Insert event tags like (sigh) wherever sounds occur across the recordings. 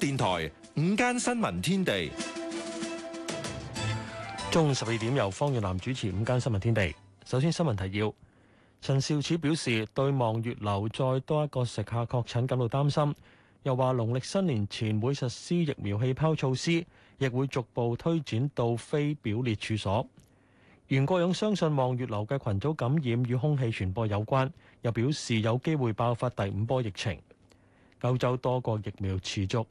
電台午間新聞天地，中午十二點，由方月南主持午間《午間新聞天地》。首先新聞提要：陳肇始表示，對望月樓再多一個食客確診感到擔心，又話農曆新年前會實施疫苗氣泡措施，亦會逐步推展到非表列處所。袁國勇相信，望月樓嘅群組感染與空氣傳播有關，又表示有機會爆發第五波疫情。歐洲多個疫苗持續。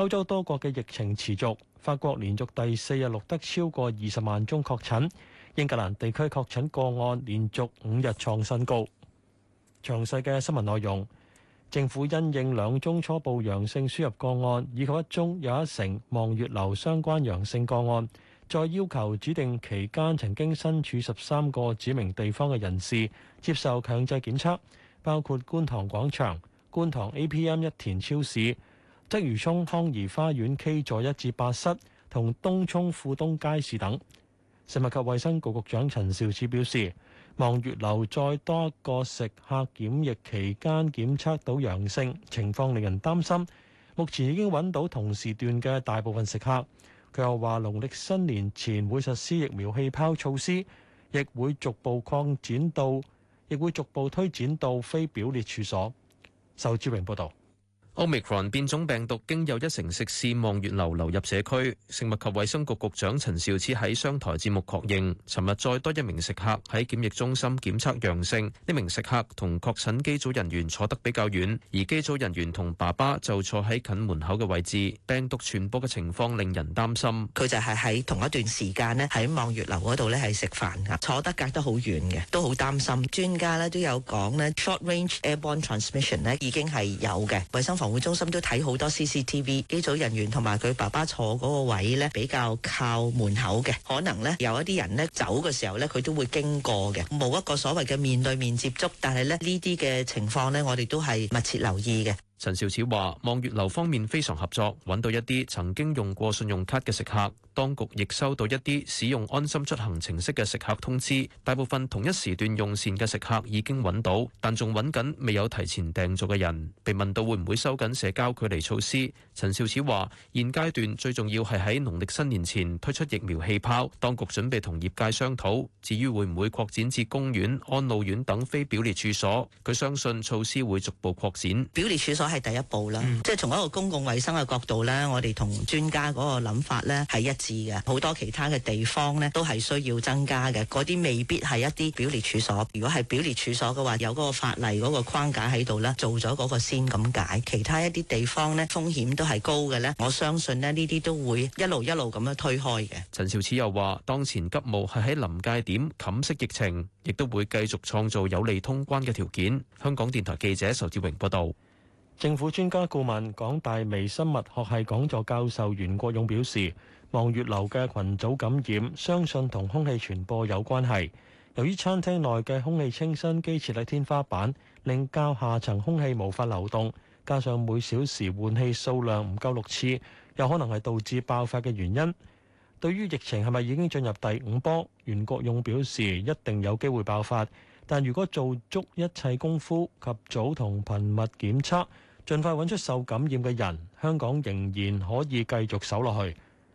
歐洲多國嘅疫情持續，法國連續第四日錄得超過二十萬宗確診，英格蘭地區確診個案連續五日創新高。詳細嘅新聞內容，政府因應兩宗初步陽性輸入個案，以及一宗有一成望月樓相關陽性個案，再要求指定期間曾經身處十三個指明地方嘅人士接受強制檢測，包括觀塘廣場、觀塘 APM、一田超市。鰂魚涌康怡花園 K 座一至八室同東涌富東街市等。食物及衛生局局長陳肇始表示，望月樓再多個食客檢疫期間檢測到陽性，情況令人擔心。目前已經揾到同時段嘅大部分食客。佢又話，農曆新年前會實施疫苗氣泡措施，亦會逐步擴展到，亦會逐步推展到非表列處所。仇志榮報導。奧密克戎變種病毒經有一成食肆望月樓流，流入社區，食物及衛生局局長陳肇始喺商台節目確認，尋日再多一名食客喺檢疫中心檢測陽性。呢名食客同確診機組人員坐得比較遠，而機組人員同爸爸就坐喺近門口嘅位置。病毒傳播嘅情況令人擔心。佢就係喺同一段時間咧喺望月樓嗰度咧係食飯㗎，坐得隔得好遠嘅，都好擔心。 (noise) 專家咧都有講咧 short-range airborne transmission 咧已經係有嘅，衞生防。會中心都睇好多 CCTV 機組人員同埋佢爸爸坐嗰個位咧比較靠門口嘅，可能咧有一啲人咧走嘅時候咧佢都會經過嘅，冇一個所謂嘅面對面接觸，但係咧呢啲嘅情況咧我哋都係密切留意嘅。陳肇始話：望月樓方面非常合作，揾到一啲曾經用過信用卡嘅食客。當局亦收到一啲使用安心出行程式嘅食客通知，大部分同一時段用膳嘅食客已經揾到，但仲揾緊未有提前訂座嘅人。被問到會唔會收緊社交距離措施，陳肇始話：現階段最重要係喺農曆新年前推出疫苗氣泡，當局準備同業界商討。至於會唔會擴展至公園、安老院等非表列處所，佢相信措施會逐步擴展。表列處所係第一步啦，嗯、即係從一個公共衞生嘅角度呢，我哋同專家嗰個諗法呢係一致。嘅好多其他嘅地方呢，都係需要增加嘅。嗰啲未必係一啲表列處所。如果係表列處所嘅話，有嗰個法例嗰個框架喺度啦，做咗嗰個先咁解。其他一啲地方呢，風險都係高嘅呢，我相信呢，呢啲都會一路一路咁樣推開嘅。陳肇始又話，當前急務係喺臨界點冚息疫情，亦都會繼續創造有利通關嘅條件。香港電台記者仇志榮報道。政府專家顧問、港大微生物學系講座教授袁國勇表示，望月樓嘅羣組感染，相信同空氣傳播有關係。由於餐廳內嘅空氣清新機設喺天花板，令較下層空氣無法流動，加上每小時換氣數量唔夠六次，有可能係導致爆發嘅原因。對於疫情係咪已經進入第五波，袁國勇表示一定有機會爆發，但如果做足一切功夫及早同頻密檢測，盡快揾出受感染嘅人，香港仍然可以繼續守落去。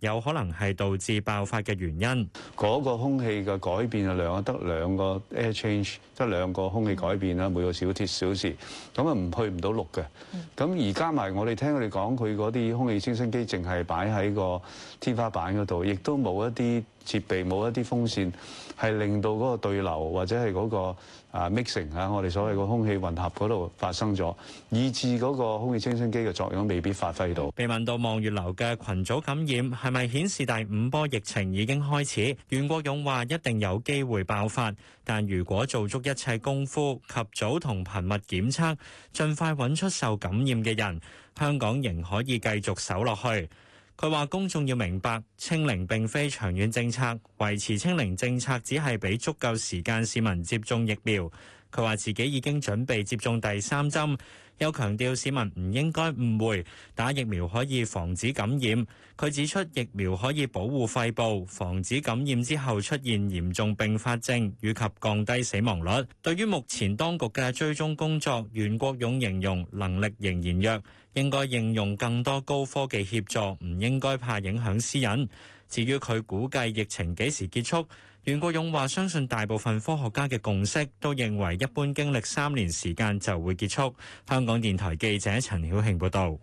有可能係導致爆發嘅原因。個空氣嘅改變啊，兩個得兩個 air change，即係兩個空氣改變啦，每個小時小時咁啊唔去唔到六嘅。咁而加埋我哋聽佢哋講，佢啲空氣清新機淨係擺喺個天花板度，亦都冇一啲設備，冇一啲風扇，係令到個對流或者係個啊 mixing 啊，我哋所謂個空氣混合度發生咗，以致個空氣清新機嘅作用未必發揮到。被問到望月樓嘅群組感染。係咪顯示第五波疫情已經開始？袁國勇話一定有機會爆發，但如果做足一切功夫，及早同頻密檢測，盡快揾出受感染嘅人，香港仍可以繼續守落去。佢話公眾要明白，清零並非長遠政策，維持清零政策只係俾足夠時間市民接種疫苗。佢話自己已經準備接種第三針，又強調市民唔應該誤會，打疫苗可以防止感染。佢指出疫苗可以保護肺部，防止感染之後出現嚴重併發症，以及降低死亡率。對於目前當局嘅追蹤工作，袁國勇形容能力仍然弱，應該應用更多高科技協助，唔應該怕影響私隱。至於佢估計疫情幾時結束？袁國勇話：相信大部分科學家嘅共識都認為，一般經歷三年時間就會結束。香港電台記者陳曉慶報導。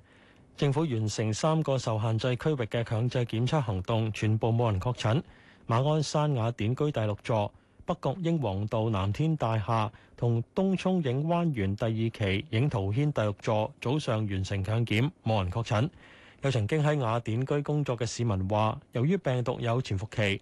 政府完成三個受限制區域嘅強制檢測行動，全部冇人確診。馬鞍山雅典居第六座、北角英皇道藍天大廈同東涌影灣園第二期影圖軒第六座早上完成強檢，冇人確診。有曾經喺雅典居工作嘅市民話：由於病毒有潛伏期。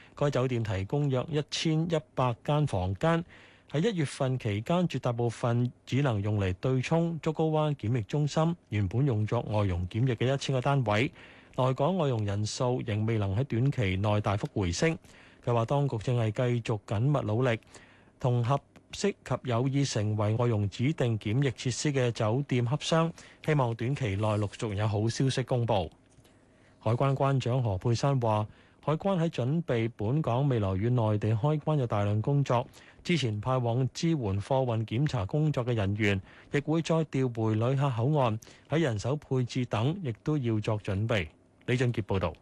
該酒店提供約一千一百間房間，喺一月份期間絕大部分只能用嚟對沖。竹篙灣檢疫中心原本用作外傭檢疫嘅一千個單位，來港外傭人數仍未能喺短期內大幅回升。佢話當局正係繼續緊密努力，同合適及有意成為外傭指定檢疫設施嘅酒店洽商，希望短期內陸續有好消息公布。海關關長何佩珊話。海關喺準備本港未來與內地開關有大量工作，之前派往支援貨運檢查工作嘅人員，亦會再調回旅客口岸，喺人手配置等，亦都要作準備。李俊傑報導。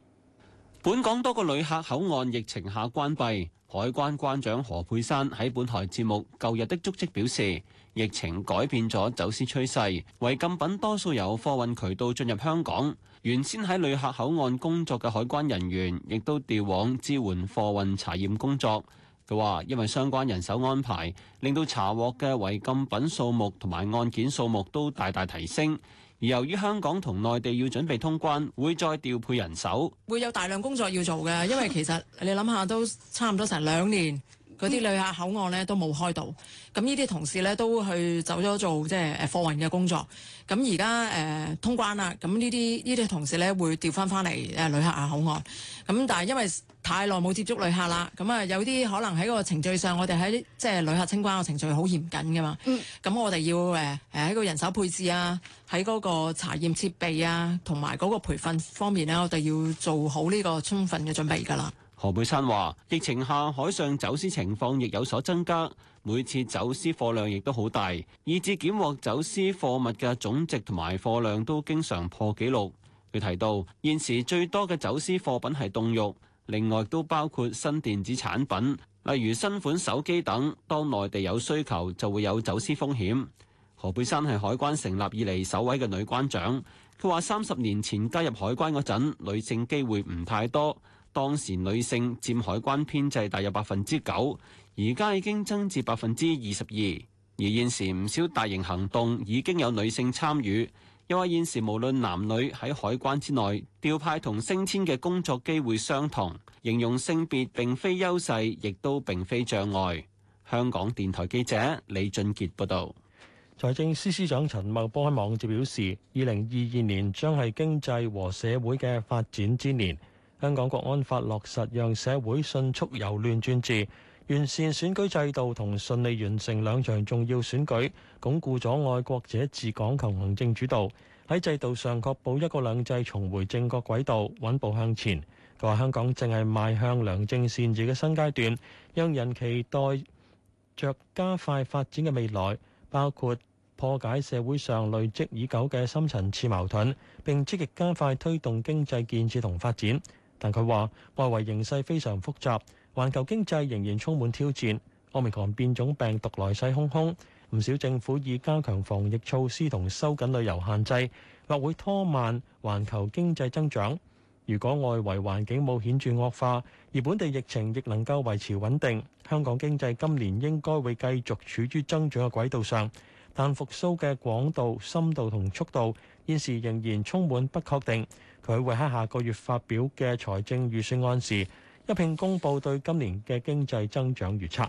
本港多個旅客口岸疫情下關閉，海關關長何佩珊喺本台節目《舊日的足跡》表示，疫情改變咗走私趨勢，違禁品多數由貨運渠道進入香港。原先喺旅客口岸工作嘅海關人員，亦都調往支援貨運查驗工作。佢話，因為相關人手安排，令到查獲嘅違禁品數目同埋案件數目都大大提升。由於香港同內地要準備通關，會再調配人手，會有大量工作要做㗎。因為其實 (laughs) 你諗下，都差唔多成兩年。嗰啲旅客口岸咧都冇開到，咁呢啲同事咧都去走咗做即係誒貨運嘅工作，咁而家誒通關啦，咁呢啲呢啲同事咧會調返返嚟誒旅客啊口岸，咁但係因為太耐冇接觸旅客啦，咁啊有啲可能喺嗰個程序上，我哋喺即係旅客清關嘅程序好嚴謹㗎嘛，咁、嗯、我哋要誒誒喺個人手配置啊，喺嗰個查驗設備啊，同埋嗰個培訓方面咧，我哋要做好呢個充分嘅準備㗎啦。何佩珊話，疫情下海上走私情況亦有所增加，每次走私貨量亦都好大，以致檢獲走私貨物嘅總值同埋貨量都經常破紀錄。佢提到現時最多嘅走私貨品係凍肉，另外都包括新電子產品，例如新款手機等。當內地有需求，就會有走私風險。何佩珊係海關成立以嚟首位嘅女關長。佢話三十年前加入海關嗰陣，女性機會唔太多。當時女性佔海關編制大約百分之九，而家已經增至百分之二十二。而現時唔少大型行動已經有女性參與，又話現時無論男女喺海關之內調派同升遷嘅工作機會相同，形容性別並非優勢，亦都並非障礙。香港電台記者李俊傑報道。財政司司長陳茂波喺網上表示，二零二二年將係經濟和社會嘅發展之年。香港國安法落實，讓社會迅速由亂轉治，完善選舉制度同順利完成兩場重要選舉，鞏固咗愛國者治港同行政主導。喺制度上確保一國兩制重回正確軌道，穩步向前。佢話：香港正係邁向良政善治嘅新階段，讓人期待着加快發展嘅未來，包括破解社會上累積已久嘅深層次矛盾，並積極加快推動經濟建設同發展。但佢話：外圍形勢非常複雜，環球經濟仍然充滿挑戰。奧密克戎變種病毒來勢洶洶，唔少政府以加強防疫措施同收緊旅遊限制，或會拖慢環球經濟增長。如果外圍環境冇顯著惡化，而本地疫情亦能夠維持穩定，香港經濟今年應該會繼續處於增長嘅軌道上，但復甦嘅廣度、深度同速度，現時仍然充滿不確定。佢會喺下個月發表嘅財政預算案時一併公佈對今年嘅經濟增長預測。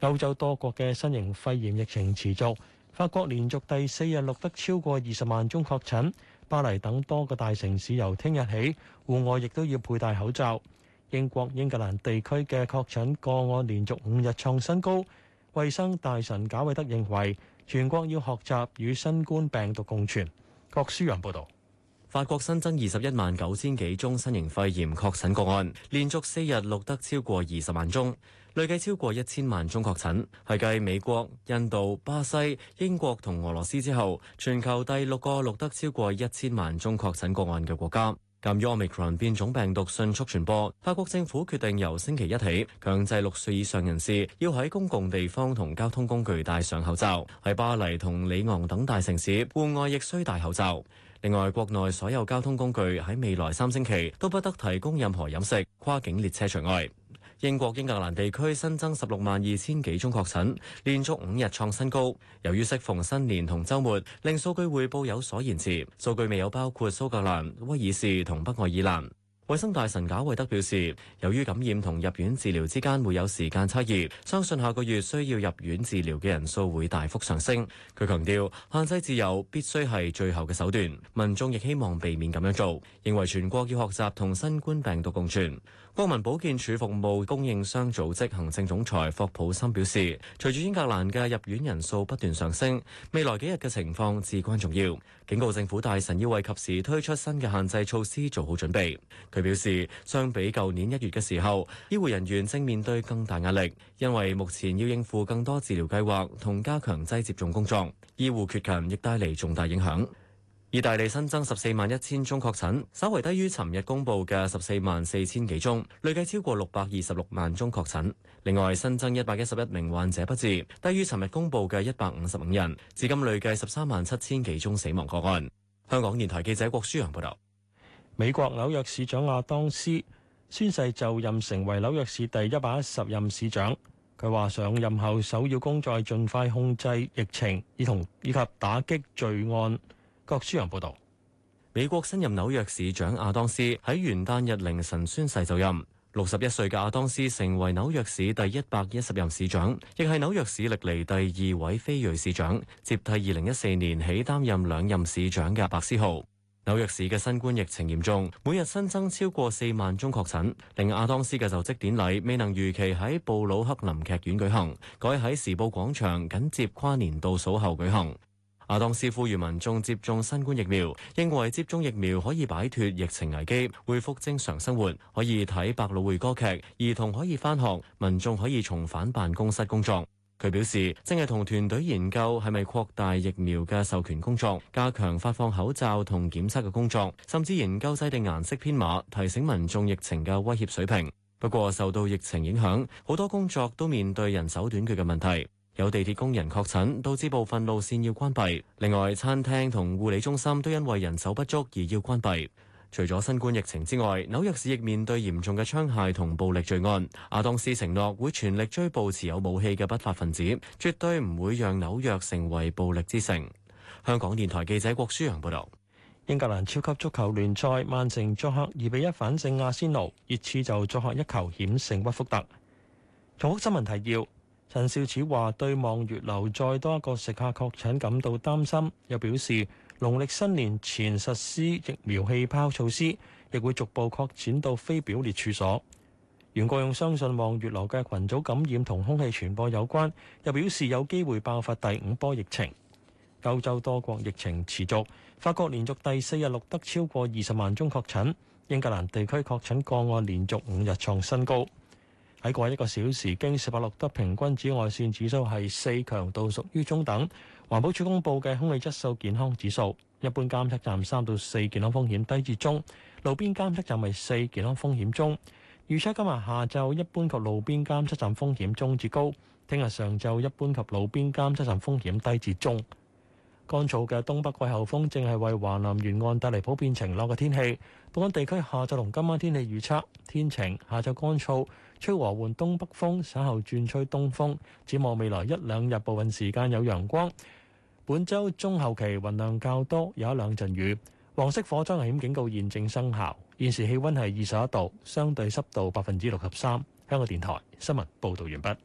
歐洲多國嘅新型肺炎疫情持續，法國連續第四日錄得超過二十萬宗確診。巴黎等多個大城市由聽日起戶外亦都要佩戴口罩。英國英格蘭地區嘅確診個案連續五日創新高。衛生大臣賈維德認為全國要學習與新冠病毒共存。郭舒揚報道：法國新增二十一萬九千幾宗新型肺炎確診個案，連續四日錄得超過二十萬宗，累計超過一千萬宗確診，係繼美國、印度、巴西、英國同俄羅斯之後，全球第六個錄得超過一千萬宗確診個案嘅國家。鑑於 Omicron 變種病毒迅速傳播，法國政府決定由星期一起強制六歲以上人士要喺公共地方同交通工具戴上口罩。喺巴黎同里昂等大城市，戶外亦需戴口罩。另外，國內所有交通工具喺未來三星期都不得提供任何飲食，跨境列車除外。英國英格蘭地區新增十六萬二千幾宗確診，連續五日創新高。由於適逢新年同週末，令數據匯報有所延遲。數據未有包括蘇格蘭、威爾士同北愛爾蘭。衛生大臣賈維德表示，由於感染同入院治療之間會有時間差異，相信下個月需要入院治療嘅人數會大幅上升。佢強調，限制自由必須係最後嘅手段。民眾亦希望避免咁樣做，認為全國要學習同新冠病毒共存。國民保健署服務供應商組織行政總裁霍普森表示，隨住英格蘭嘅入院人數不斷上升，未來幾日嘅情況至關重要，警告政府大臣要為及時推出新嘅限制措施做好準備。佢表示，相比舊年一月嘅時候，醫護人員正面對更大壓力，因為目前要應付更多治療計劃同加強劑接種工作，醫護缺勤亦帶嚟重大影響。意大利新增十四萬一千宗確診，稍為低於尋日公布嘅十四萬四千幾宗，累計超過六百二十六萬宗確診。另外，新增一百一十一名患者不治，低於尋日公布嘅一百五十五人。至今累計十三萬七千幾宗死亡個案。香港電台記者郭舒陽報道，美國紐約市長亞當斯宣誓就任，成為紐約市第一百一十任市長。佢話：上任後首要工作係盡快控制疫情，以同以及打擊罪案。郭舒報道，美國新任紐約市長阿當斯喺元旦日凌晨宣誓就任。六十一歲嘅阿當斯成為紐約市第一百一十任市長，亦係紐約市歷嚟第二位非裔市長，接替二零一四年起擔任兩任市長嘅白思豪。紐約市嘅新冠疫情嚴重，每日新增超過四萬宗確診，令阿當斯嘅就職典禮未能如期喺布魯克林劇院舉行，改喺時報廣場緊接跨年倒數後舉行。亞當斯呼籲民眾接種新冠疫苗，認為接種疫苗可以擺脱疫情危機，恢復正常生活，可以睇百老匯歌劇，兒童可以返學，民眾可以重返辦公室工作。佢表示，正係同團隊研究係咪擴大疫苗嘅授權工作，加強發放口罩同檢測嘅工作，甚至研究制定顏色編碼提醒民眾疫情嘅威脅水平。不過受到疫情影響，好多工作都面對人手短缺嘅問題。有地鐵工人確診，導致部分路線要關閉。另外，餐廳同護理中心都因為人手不足而要關閉。除咗新冠疫情之外，紐約市亦面對嚴重嘅槍械同暴力罪案。阿當斯承諾會全力追捕持有武器嘅不法分子，絕對唔會讓紐約成為暴力之城。香港電台記者郭舒揚報道，英格蘭超級足球聯賽，曼城作客二比一反勝阿仙奴，熱刺就作客一球險勝屈福特。重複新聞提要。陳肇始話對望月樓再多一個食客確診感到擔心，又表示農曆新年前實施疫苗氣泡措施，亦會逐步擴展到非表列處所。袁國勇相信望月樓嘅群組感染同空氣傳播有關，又表示有機會爆發第五波疫情。歐洲多國疫情持續，法國連續第四日錄得超過二十萬宗確診，英格蘭地區確診個案連續五日創新高。喺過一個小時，京士柏錄得平均紫外線指數係四強度，屬於中等。環保署公佈嘅空氣質素健康指數，一般監測站三到四健康風險低至中，路邊監測站係四健康風險中。預測今日下晝一般及路邊監測站風險中至高，聽日上晝一般及路邊監測站風險低至中。乾燥嘅東北季候風正係為華南沿岸帶嚟普遍晴朗嘅天氣。本港地區下晝同今晚天氣預測：天晴，下晝乾燥，吹和緩東北風，稍後轉吹東風。展望未來一兩日部分時間有陽光。本周中後期雲量較多，有一兩陣雨。黃色火災危險警告現正生效。現時氣溫係二十一度，相對濕度百分之六十三。香港電台新聞報道完畢。